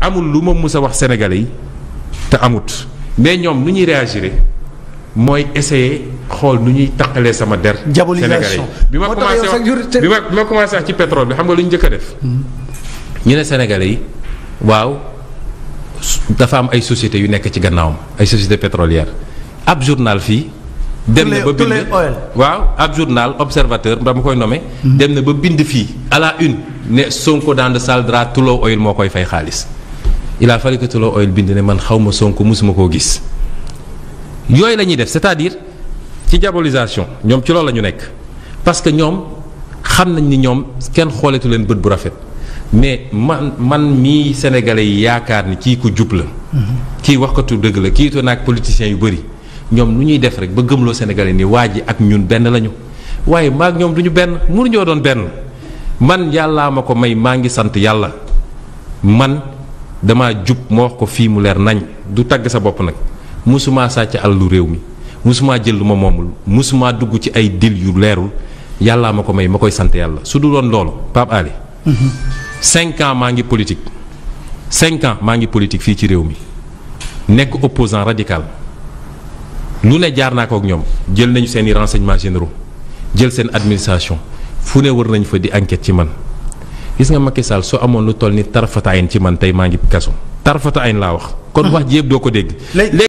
amul lu ma mus a wax sénégalais yi te amut mais ñoom lu ñuy réagir mooy essayer xool nu ñuy taqalee sama der. diabolisation bi bi ma bi wax ci pétrole bi xam nga lu ñu njëkk a def. ñu ne sénégalais yi waaw dafa am ay sociétés yu nekk ci gannaawam ay sociétés pétrolières ab journal fii. dem na ba bind waaw ab journal observateur dama koy nommé. Hmm. dem na ba bind fii à une ne Sonko dans le saldra tuloo oil moo koy fay xaalis. il a fallu que bind ne man xaw ma Sonko mosuma koo gis yooyu lañuy def cest à ci diabolisation ñoom ci loolu lañu nekk parce que ñoom xam nañ ni ñoom kenn xooletu leen bët bu rafet mais man man mii sénégalais yi yaakaar ni kii ku jub la. kii tu dëgg la kii to naag politiciens yu bëri ñoom lu ñuy def rek ba gëmloo sénégalais ni waa ji ak ñun benn lañu waaye maag ñoom du ñu benn mënuñoo doon benn man yàllaa ma ko may maa ngi sant yàlla dama jub ma wax ko fii mu leer nañ du tagg sa bopp nag musumaa sàcc alalu réew mi musumaa jël lu ma moomul musumaa dugg ci ay dil yu leerul yàlla ma ko may ma koy sant yàlla su du doon loolu Pape Ali maa ngi politique cinq maa ngi politique fii ci réew mi nekk opposant radical lu ne jaar naa ko ak ñoom jël nañu seen i renseignements généraux jël seen administration fu ne war nañ fa di enquête ci man gis nga Macky Sall soo amoon lu toll ni tarfata ayin ci man tey maa ngi kaso tarfata ayin laa wax kon ah. wax ji yëpp doo ko dégg